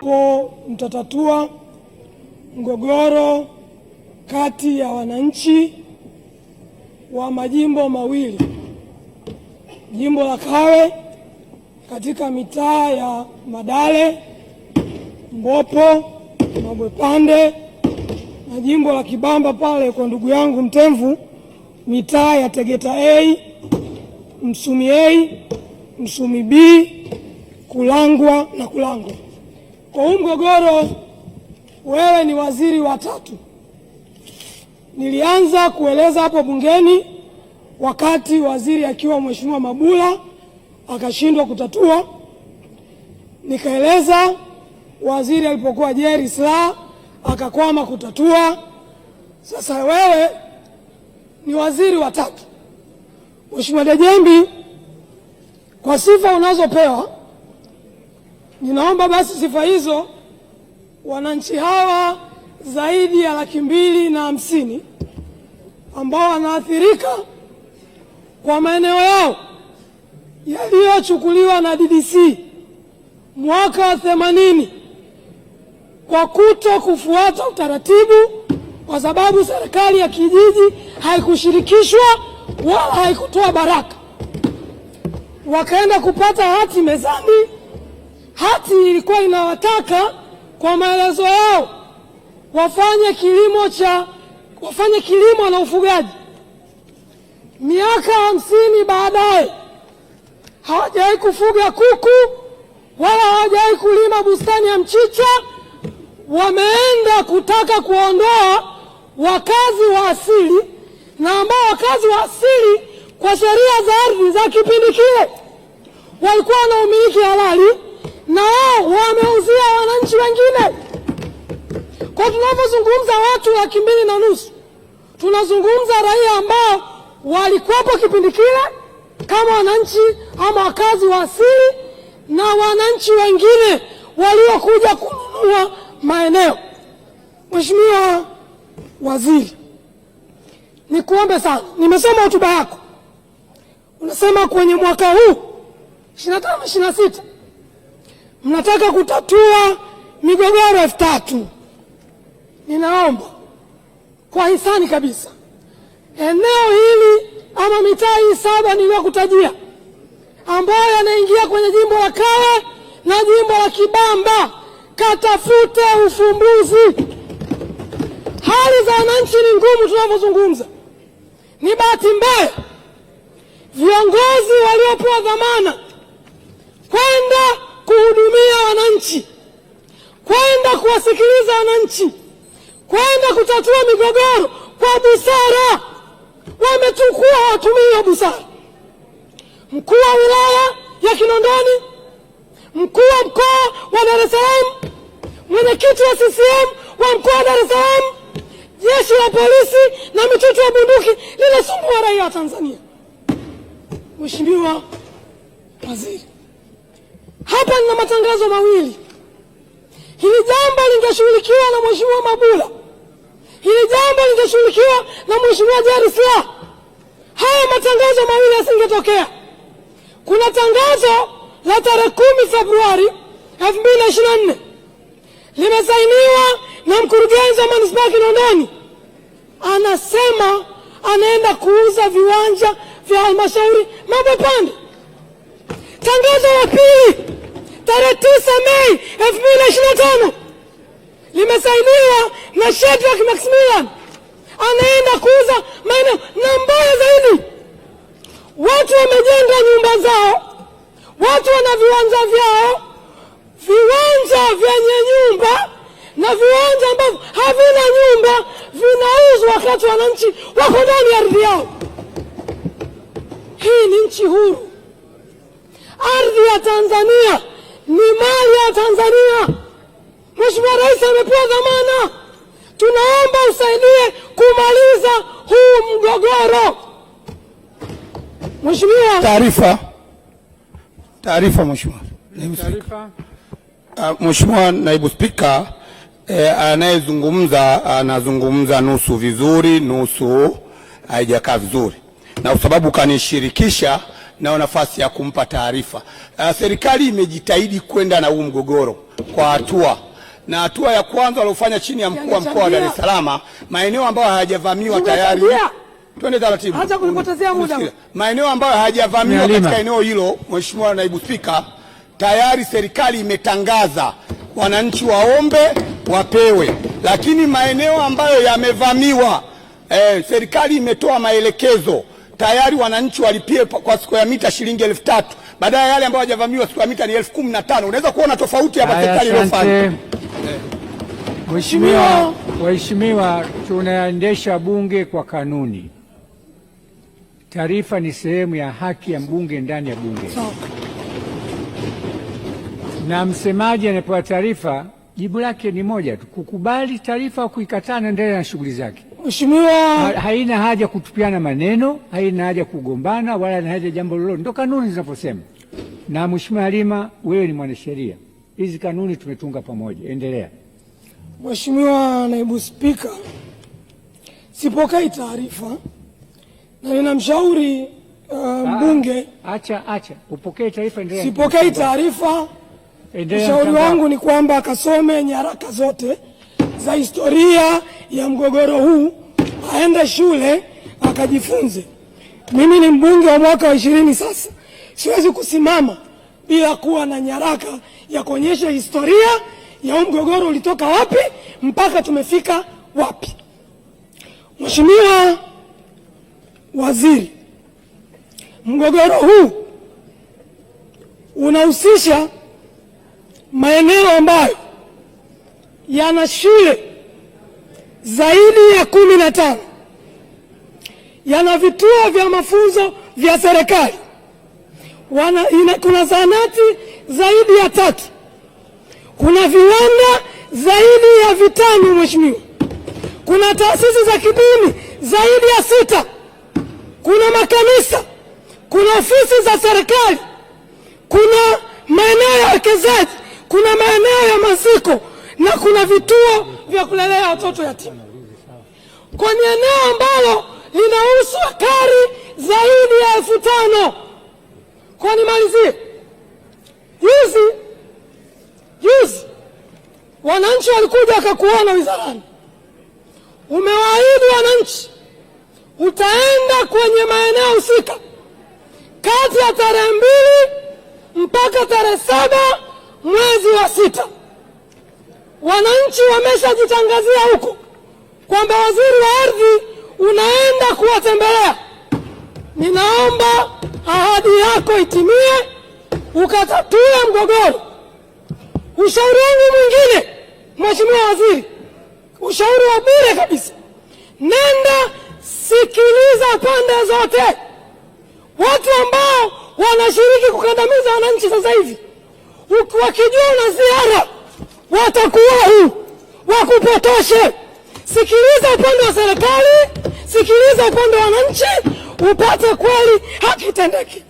ko mtatatua mgogoro kati ya wananchi wa majimbo mawili, jimbo la Kawe katika mitaa ya Madale, Mbopo, Mabwepande na jimbo la Kibamba pale kwa ndugu yangu Mtemvu, mitaa ya Tegeta A, Msumi A, Msumi B, Kulangwa na Kulangwa. Kwa huu mgogoro, wewe ni waziri wa tatu. Nilianza kueleza hapo bungeni wakati waziri akiwa Mheshimiwa Mabula akashindwa kutatua, nikaeleza waziri alipokuwa Jerry Silaa akakwama kutatua. Sasa wewe ni waziri wa tatu, Mheshimiwa Dejembi, kwa sifa unazopewa Ninaomba basi sifa hizo wananchi hawa zaidi ya laki mbili na hamsini ambao wanaathirika kwa maeneo yao yaliyochukuliwa na DDC mwaka wa themanini kwa kuto kufuata utaratibu, kwa sababu serikali ya kijiji haikushirikishwa wala haikutoa baraka, wakaenda kupata hati mezani hati ilikuwa inawataka kwa maelezo yao wafanye kilimo cha wafanye kilimo na ufugaji. Miaka hamsini baadaye hawajawahi kufuga kuku wala hawajawahi kulima bustani ya mchicha. Wameenda kutaka kuondoa wakazi wa asili na ambao wakazi wa asili kwa sheria za ardhi za kipindi kile walikuwa na umiliki halali na wao wameuzia wananchi wengine. Kwa tunavyozungumza watu laki mbili na nusu tunazungumza raia ambao walikuwepo kipindi kile kama wananchi ama wakazi wa asili na wananchi wengine waliokuja kununua maeneo. Mheshimiwa Waziri, nikuombe sana, nimesoma hotuba yako, unasema kwenye mwaka huu 25 26 mnataka kutatua migogoro elfu tatu. Ninaomba kwa hisani kabisa, eneo hili ama mitaa hii saba niliyokutajia ambayo yanaingia kwenye jimbo la Kawe na jimbo la Kibamba, katafute ufumbuzi. Hali za wananchi ni ngumu tunavyozungumza. Ni bahati mbaya viongozi waliopewa dhamana kwenda kuwahudumia wananchi, kwenda kuwasikiliza wananchi, kwenda kutatua migogoro kwa busara. Wametukua watumii wa busara. Mkuu wa wilaya ya Kinondoni, mkuu wa mkoa wa Dar es Salaam, mwenyekiti wa CCM wa mkoa wa Dar es Salaam, jeshi la polisi na mitutu ya bunduki linasumbua raia wa Tanzania. Mheshimiwa Waziri hapa nina matangazo mawili. Hili jambo lingeshughulikiwa na Mheshimiwa Mabula, hili jambo lingeshughulikiwa na Mheshimiwa Jerry Silaa, haya matangazo mawili yasingetokea. Kuna tangazo la tarehe kumi Februari elfu mbili na ishirini na nne limesainiwa na mkurugenzi wa manispaa ya Kinondoni, anasema anaenda kuuza viwanja vya halmashauri Mabwepande. Tangazo la pili elfu mbili na ishirini na tano limesainiwa na Shadrack Maximilian, anaenda kuuza maeneo. Na mbaya zaidi, watu wamejenga nyumba zao, watu wana viwanja vyao, viwanja vyenye nyumba na viwanja ambavyo havina nyumba vinauzwa, wakati wananchi wako ndani ya ardhi yao. Hii ni nchi huru, ardhi ya Tanzania ni mali ya Tanzania. Mheshimiwa Rais amepewa dhamana, tunaomba usaidie kumaliza huu mgogoro. Mheshimiwa, taarifa taarifa. Mheshimiwa naibu Spika, ah, Mheshimiwa naibu Spika, e, eh, anayezungumza anazungumza nusu vizuri, nusu haijakaa vizuri, na sababu kanishirikisha nao nafasi ya kumpa taarifa. Uh, serikali imejitahidi kwenda na huu mgogoro kwa hatua na hatua ya kwanza waliofanya chini ya mkuu wa mkoa wa Dar es Salaam, maeneo ambayo hayajavamiwa tayari, twende taratibu, maeneo ambayo hayajavamiwa katika eneo hilo, Mheshimiwa Naibu Spika, tayari serikali imetangaza wananchi waombe wapewe, lakini maeneo ambayo yamevamiwa, eh, serikali imetoa maelekezo tayari wananchi walipie kwa square mita shilingi elfu tatu baadaye yale ambayo hajavamiwa square mita ni elfu kumi na tano Unaweza kuona tofauti hapa serikali iliyofanya. Mheshimiwa, waheshimiwa, tunaendesha bunge kwa kanuni. Taarifa ni sehemu ya haki ya mbunge ndani ya bunge, na msemaji anapewa taarifa, jibu lake ni moja tu, kukubali taarifa au kuikataa, naendelea na shughuli zake. Mheshimiwa, haina haja kutupiana maneno, haina haja kugombana, wala haina haja jambo lolote, ndo kanuni zinavyosema. Na Mheshimiwa Halima, wewe ni mwanasheria, hizi kanuni tumetunga pamoja. Endelea. Mheshimiwa Naibu Spika, sipokei taarifa na ninamshauri uh, ah, mbunge uh, acha acha, upokee taarifa, endelea. Sipokei taarifa. Ushauri wangu ni kwamba akasome nyaraka zote za historia ya mgogoro huu aende shule akajifunze. Mimi ni mbunge wa mwaka wa ishirini sasa, siwezi kusimama bila kuwa na nyaraka ya kuonyesha historia ya huu mgogoro ulitoka wapi mpaka tumefika wapi. Mheshimiwa Waziri, mgogoro huu unahusisha maeneo ambayo yana shule zaidi ya kumi na tano yana vituo vya mafunzo vya serikali. Kuna zahanati zaidi ya tatu, kuna viwanda zaidi ya vitano, mheshimiwa, kuna taasisi za kidini zaidi ya sita, kuna makanisa, kuna ofisi za serikali, kuna maeneo ya wekezaji, kuna maeneo ya maziko na kuna vituo vya kulelea watoto yatima kwenye eneo ambalo linahusu kari zaidi ya elfu tano. Kwa nimalizie, juzi juzi wananchi walikuja wakakuona wizarani, umewaahidi wananchi utaenda kwenye maeneo husika kati ya tarehe mbili mpaka tarehe saba mwezi wa sita. Wananchi wameshajitangazia huko kwamba waziri wa ardhi unaenda kuwatembelea. Ninaomba ahadi yako itimie, ukatatue mgogoro. Ushauri wangu mwingine, mheshimiwa waziri, ushauri wa bure kabisa, nenda sikiliza pande zote. Watu ambao wanashiriki kukandamiza wananchi sasa hivi wakijua na ziara watakuwahu wakupotoshe. Sikiliza upande wa serikali, sikiliza upande wa wananchi, upate kweli, haki itendeke.